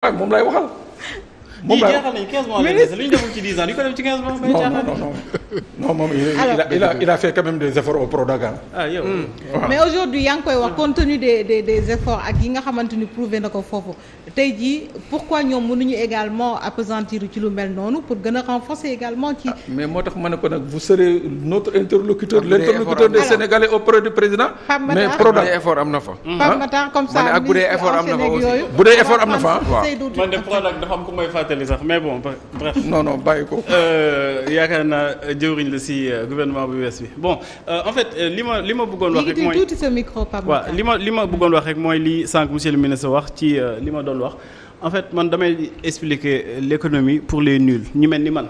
waaw ah, moom laay waxal. moom laay wax 15 mois mais li ñu deful ci 10 ans ñu ko def ci 15 mois. non non non non moom il, il, a a fait quand même des efforts au Prodac ah yow. Mm. Voilà. mais aujourd'hui yaa ngi koy wax compte des efforts ak yi nga xamante prouvé na ko foofu tey jii pourquoi ñoom mënuñu également appesantir ci lu mel noonu pour gën a renforcer également ci. Ah, mais moo tax ma ne ko nag vous serez notre interlocuteur. l'interlocuteur des Sénégalais auprès du président. mais Prodac ah? ah, effort am na fa. Pape comme ça ak bu dee effort am na fa man de Prodac dafa ku may fàttali sax mais bon bref. non non bàyyi ko. Euh, jëwriñ la si euh, gouvernement bu wees bi bon euh, en fait euh, li ma li ma bëggoon wax rek mooy tuuti sa micro li ma li ma bëggoon wax rek mooy li sànq monsieur le ministre wax ci li ma doon wax en fait man damay expliquer l'économie pour les nuls ñu mel ni man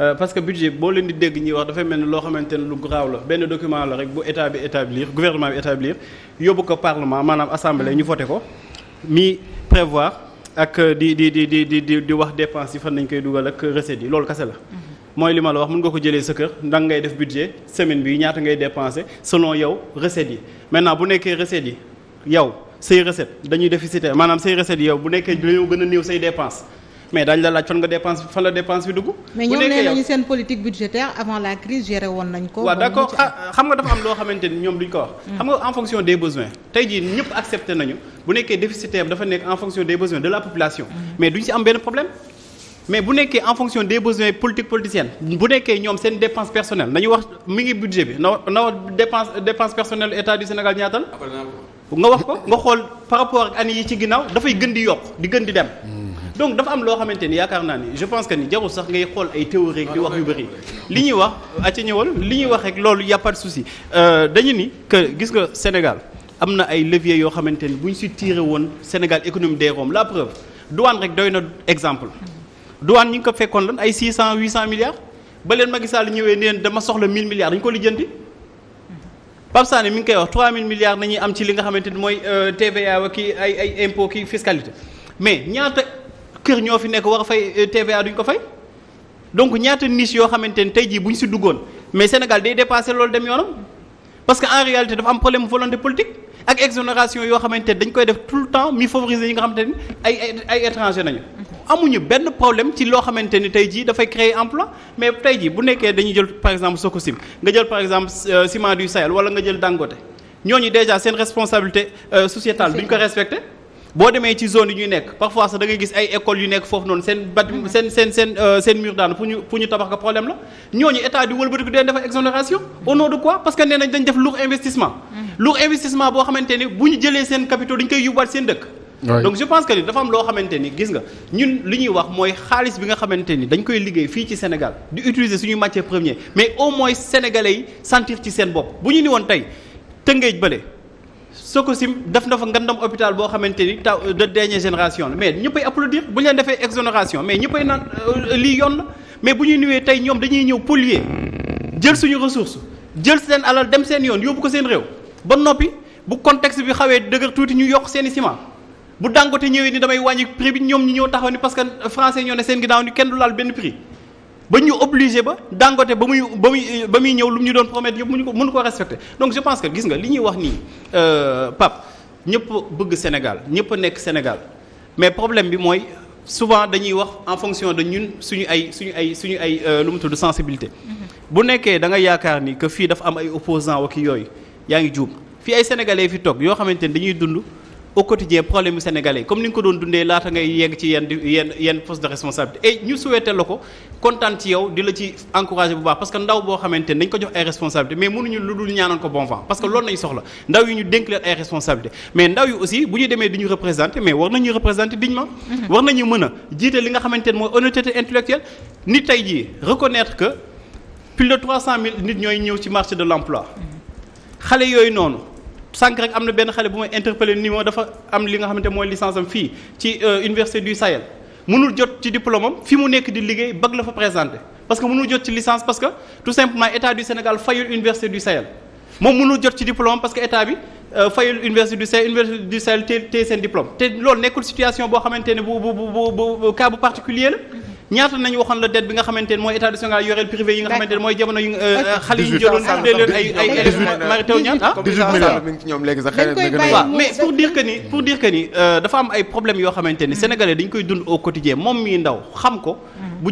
Euh, parce que budget boo leen di dégg ñuy wax dafay mel ni loo xamante ne lu graaw la benn document la rek bu état bi établir gouvernement bi établir yóbbu ko parlement maanaam assemblée ñu foote ko mi prévoir ak di di di di di di di wax dépenses yi fan nañ koy dugal ak recettes yi loolu kase la. mooy li ma la wax mën nga ko jëlee sa kër ndax ngay def budget semaine bi ñaata ngay dépenser selon yow recettes yi maintenant bu nekkee recettes yi yow say recettes dañuy déficitaire maanaam say recettes yi yow bu nekkee dañoo seen politique budgétaire avant la crise géré woon nañ ko. waaw d'accord xam nga dafa am loo ko wax. Mm. tey jii ñëpp accepté nañu bu nekkee déficitaire dafa nekk en fonction des besoins de la population. Mm. mais duñ si am benn mais bu nekkee en fonction des besoins politiques politiciennes bu nekkee ñoom seen dépense personnelle nañu wax mi ngi budget bi na na wax dépense dépense personnelle état du Sénégal ñaatal nga wax ko nga xool par rapport ak année yi ci ginnaaw dafay gën di yokk di gën di dem donc dafa am loo xamante ni yaakaar naa ni je pense que ni jarul sax ngay xool ay théorie di wax yu bëri li ñuy wax aca ñëwal li ñuy wax rek loolu y a pas de souci euh, dañu ni que gis nga Sénégal am na ay leviers yoo xamante ni bu ñu si tiré woon Sénégal économie des la preuve douane rek doy na exemple douane ñi ngi ko fekkoon lan ay 600 800 milliards ba leen Macky Sall ñëwee neen dama soxla 1000 milliards dañu ko lijjanti. Pape Sané mi ngi koy wax 3000 milliards nañu am ci li nga xamante ni mooy euh, TVA wa kii mais ñaata kër ñoo fi nekk war a fay euh, TVA duñ ko fay donc ñaata niche yoo xamante ni tey jii bu ñu si duggoon mais Sénégal day dépassé loolu dem yoonam parce que en réalité dafa am problème volonté politique ak exonération yoo xamante ni dañ koy def tout le temps mi favoriser ñi nga xamante ni ay ay ay étranger nañu. amuñu benn problème ci loo xamante ni tey jii dafay créer emploi mais tey jii bu nekkee dañuy jël par exemple Sococim nga jël par exemple euh, Ciment du Sahel wala nga jël Dangote ñooñu déjà seen responsabilité euh, sociétale duñ ko respecté boo demee ci zone yi ñuy nekk parfois sax da ngay gis ay écoles yu nekk foofu noonu seen bat mm-hmm. seen seen seen euh, seen mur daanu pour ñu pour ñu tabax ko problème la ñooñu état di wëlbatiku deen dafa exonération mm-hmm. au nom de parce que nee nañ dañ def lourd investissement mm-hmm. lourd xamante ni bu ñu jëlee seen capitaux dañ koy yóbbuwaat seen dëkk donc je pense que ni dafa am loo xamante ni gis nga ñun li ñuy wax mooy xaalis bi nga xamante ni dañ koy liggéey fii ci Sénégal di utiliser suñu matière première mais au moins sénégalais yi sentir ci seen bopp bu ñu ni woon tey tëngeej bële Sococim def na fa ngandam hôpital boo xamante ni taw de dernière génération la mais ñëppay applaudir bu ñu leen defee exonération mais ñëppay naan euh, lii yoon na mais bu ñuy nuwee tey ñoom dañuy ñëw polluer jël suñu ressource jël seen alal dem seen yoon yóbbu ko seen réew ba noppi bu contexte bi xawee dëgër tuuti ñu yokk seen i ciment bu Dangote ñëwee ni damay wàññi prix bi ñoom ñi ñëw taxaw ni parce que français ñoo ne seen ginnaaw ni kenn du laal benn prix ba ñu obligé ba Dangote ba muy ba muy ba muy ñëw lu mu ñu doon promettre yëpp ñu ko mënu ko respecté donc je pense que gis nga li ñuy wax nii euh, Pape ñëpp bëgg Sénégal ñëpp nekk Sénégal mais problème bi mooy souvent dañuy wax en fonction de ñun suñu ay suñu ay suñu ay euh, lu mu tudd sensibilité. Mm-hmm. bu nekkee da nga yaakaar ni que fii dafa am ay opposants wa yooyu yaa ngi juum fii ay sénégalais fi toog yoo xamante ni dañuy dund. au quotidien problème yu sénégalais comme ni nga ko doon dundee laata ngay yegg ci yenn yenn yenn poste de responsabilité et eh, ñu souhaité la ko kontaan ci yow di la ci encouragé bu baax parce que ndaw boo xamante ne dañ ko jox ay responsabilité mais mënuñu lu dul ñaanal ko bon vent parce que loolu nañu soxla ndaw yi ñu dénk leen ay responsabilité mais ndaw yi aussi bu ñu demee di ñu représenté mais war nañu représenté dignement mhm. war nañu mën a jiite li nga xamante ne mooy honnêteté intellectuelle ni tey jii reconnaître que plus de 300 000 nit ñooy ñëw ci marché de l'emploi mhm. xale yooyu noonu sànq rek am na benn xale bu may interpellé ni ma dafa am li nga xamante mooy licence am fii ci euh, université du Sahel mënul jot ci diplôme fi mu nekk di liggéey bag la fa présenté parce que mënul jot ci licence parce que tout simplement état du Sénégal fayul université du Sahel moom mënul jot ci diplôme parce que état bi euh, fayul université du Sahel université du Sahel téye seen diplôme te loolu nekkul situation boo xamante ne bu bu bu bu cas bu particulier ñaata nañu waxoon la dette bi nga xamante mooy état du Sénégal yoreel privé yi nga xamante mooy jamono euh, xale yi ñu jëloon dee leen ay ah? mais pour dire que ni pour dire que ni euh, dafa am ay problèmes yoo xamante ne mm-hmm. sénégalais dañ koy dund au quotidien moom mii ndaw xam ko mm-hmm.